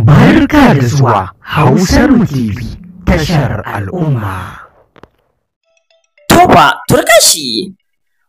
Barka da zuwa Hausar TV tashar al'umma. Toba turkashi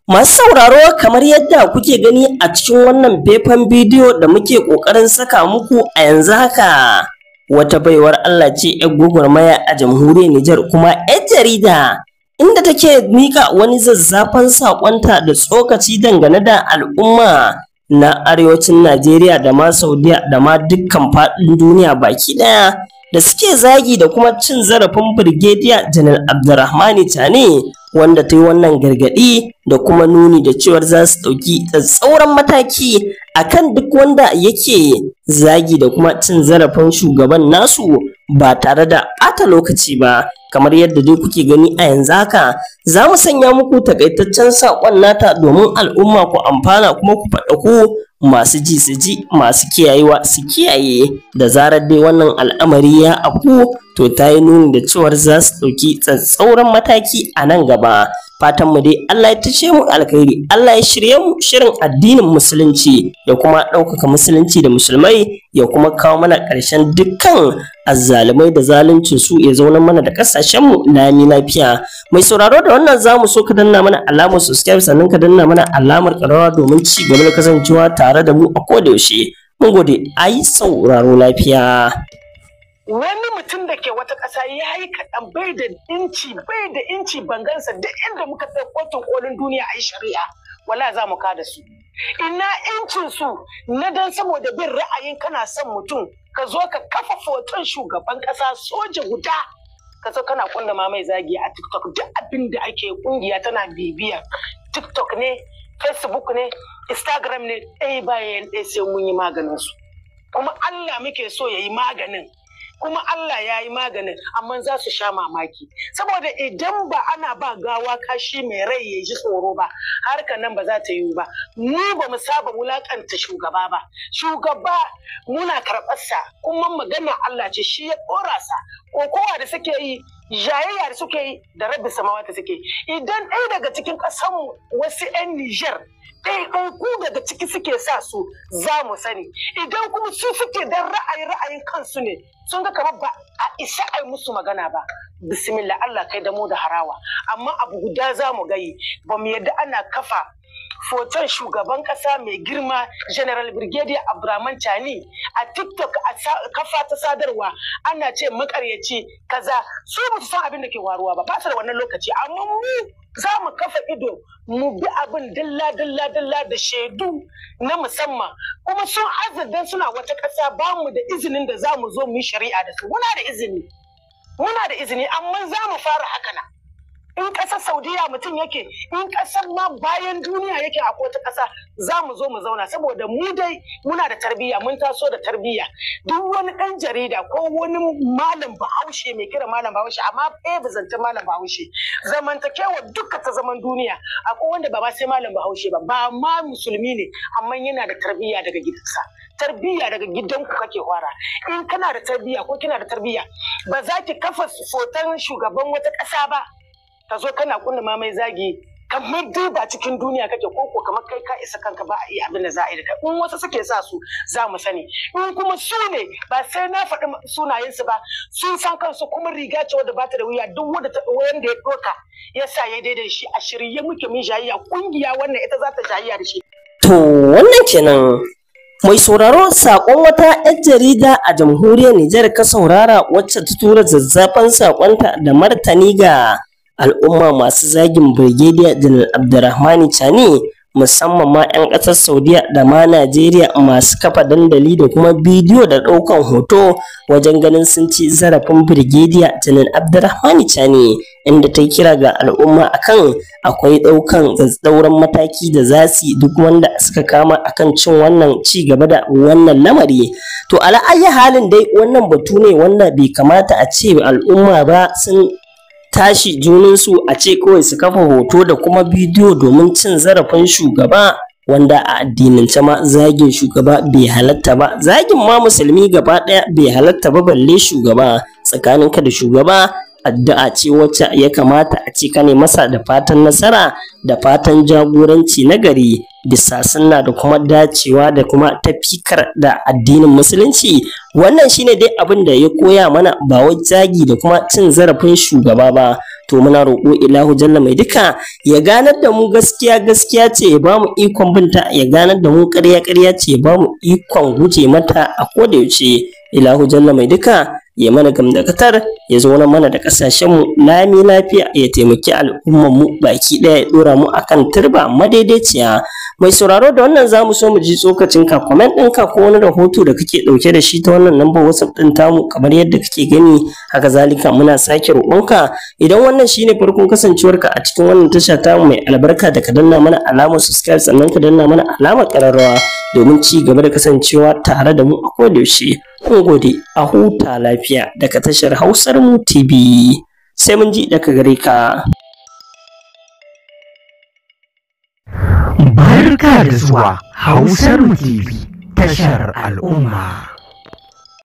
Masu sauraro kamar yadda kuke gani a cikin wannan faifan bidiyo da muke ƙoƙarin saka muku a yanzu haka. Wata baiwar Allah ce 'yar gwagwarmaya a jamhuriyar Nijar kuma 'yar jarida. inda take mika wani zazzafan saƙonta da tsokaci dangane da al'umma na arewacin Najeriya da ma Saudiya da ma dukkan faɗin duniya baki ɗaya da suke zagi da kuma cin zarafin Birgediya Janar Abdurrahmani Tani wanda ta yi wannan gargaɗi da kuma nuni da cewar za su ɗauki tsauran mataki a kan duk wanda yake zagi da kuma cin zarafin shugaban nasu ba tare da ɓata lokaci ba kamar yadda dai kuke gani a yanzu haka za mu sanya muku takaitaccen saƙon nata domin al'umma ku amfana kuma ku faɗaku masu ji su ji masu kiyayewa su kiyaye da zarar dai wannan al'amari ya afku to ta yi nuni da cewar za su ɗauki tsatsauran mataki a nan gaba fatan mu dai Allah ya tace mu alkhairi Allah ya shirye mu shirin addinin musulunci ya kuma ɗaukaka musulunci da musulmai ya kuma kawo mana ƙarshen dukkan azzalumai da zaluncin su ya zauna mana da ƙasashen mu ni lafiya mai sauraro da wannan zamu so ka danna mana alamar subscribe sannan ka danna mana alamar ƙararrawa domin ci gaba da kasancewa tare da mu a koda yaushe mun gode ai sauraro lafiya wani mutum da ke wata ƙasa ya yi kaɗan bai da inci bai da inci bangansa duk inda muka tsaye kotun kolin duniya a yi shari'a wala za mu kada su ina incin su na dan saboda bin ra'ayin kana son mutum ka zo ka kafa foton shugaban ƙasa soja guda ka zo kana kunna ma mai zagi a tiktok duk abin da ake kungiya tana bibiya tiktok ne facebook ne instagram ne ɗaya bayan ɗaya sai mun yi maganin su kuma allah muke so ya yi maganin kuma Allah ya yi maganin amma za su sha mamaki saboda idan ba ana ba gawa kashi mai rai ya ji tsoro ba harkar nan ba za ta yi ba mu ba mu saba wulakanta shugaba ba shugaba muna karɓarsa kuma magana Allah ce shi ya ɗora sa kokowa da suke yi jayayya da suke yi da rabbi da suke idan ɗaya daga cikin ƙasan wasu 'yan Nijar ɗaiɗaiku daga ciki suke sa su za mu sani idan kuma su suke dan ra'ayi ra'ayin kansu ne sun ga kamar ba a isa ai musu magana ba bismillah Allah kai da mu da harawa amma abu guda za mu gayi ba mu yadda ana kafa foton shugaban kasa mai girma general brigadier abraman chani a tiktok a kafa ta sadarwa ana ce makaryaci kaza su ba su san abin da ke waruwa ba ba su da wannan lokaci amma mu za mu kafa ido mu bi abin dilla dalla dalla da shaidu na musamman kuma sun azadan suna wata ƙasa ba mu da izinin da za mu zo mu yi shari'a da su muna da izini muna da izini amma za mu fara haka nan in ƙasar saudiya mutum yake in ƙasar ma bayan duniya yake a wata ƙasa za mu zo mu zauna saboda mu dai muna da tarbiyya mun taso da tarbiyya duk wani ɗan jarida ko wani malam bahaushe mai kira malam bahaushe amma ɗaya ba zance malam bahaushe zamantakewa duka ta zaman duniya akwai wanda ba ba sai malam bahaushe ba ba ma musulmi ne amma yana da tarbiyya daga gidansa tarbiyya daga gidanku kake fara in kana da tarbiyya ko kina da tarbiyya ba za ki kafa fotan shugaban wata ƙasa ba ka zo kana kunna mai zagi kamar duba cikin duniya kake ko ko kamar kai ka isa kanka ba a yi abin da za a yi da in wasu suke sa su za mu sani in kuma su ne ba sai na faɗi sunayensu ba sun san kansu kuma riga ce wadda ba ta da wuya duk wanda wanda ya ɗauka ya sa ya daidai shi a shirye muke mun jayayya kungiya wannan ita za ta jayayya da shi. to wannan kenan mai sauraro sakon wata 'yan jarida a jamhuriyar Nijar ka saurara wacce ta tura zazzafan sakonta da martani ga al'umma masu zagin Birgediya Janar Abdurrahmani Chani musamman ma 'yan ƙasar Saudiya da ma Najeriya masu kafa dandali da kuma bidiyo da ɗaukan hoto wajen ganin sun ci zarafin Birgediya Janar Abdurrahmani Chani inda ta kira ga al'umma akan akwai ɗaukan tsauran mataki da za duk wanda suka kama akan cin wannan ci gaba da wannan lamari to ala halin dai wannan batu ne wanda bai kamata a ce al'umma ba sun tashi su a ce kawai su kafa hoto da kuma bidiyo domin cin zarafin shugaba wanda a addinance ma zagin shugaba bai halatta ba zagin ma musulmi gaba ɗaya bai halatta ba balle shugaba tsakanin tsakaninka da shugaba addu'a ce wacce ya kamata a cika ne masa da fatan nasara da fatan jagoranci na gari bisa sunna da kuma dacewa da kuma tafikar da addinin musulunci wannan shine dai abin da ya koya mana ba wai zagi da kuma cin zarafin shugaba ba to muna roƙo ilahu jalla mai duka ya ganar da mu gaskiya gaskiya ce ya bamu ikon binta ya ganar da mu ƙarya ƙarya ce ya bamu ikon guje mata a koda yaushe ilahu jalla mai duka ya mana gamdakatar ya zauna mana da ƙasashenmu lami lafiya ya taimaki al'ummarmu baki ɗaya ya ɗora mu akan turba madaidaiciya mai sauraro da wannan za mu so mu ji tsokacin ka comment ɗinka ko wani rahoto da kake ɗauke da shi ta wannan lambar whatsapp ɗin tamu kamar yadda kake gani haka zalika muna sake roƙonka idan wannan shine farkon kasancewarka a cikin wannan tasha tamu mai albarka da ka danna mana alamar subscribe sannan ka danna mana alamar ƙararrawa domin ci gaba da kasancewa tare da mu a kodayaushe. Mun gode a huta lafiya daga tashar Hausar mu TV. Sai mun ji daga gare ka. Barka da zuwa Hausar mu tashar al'umma.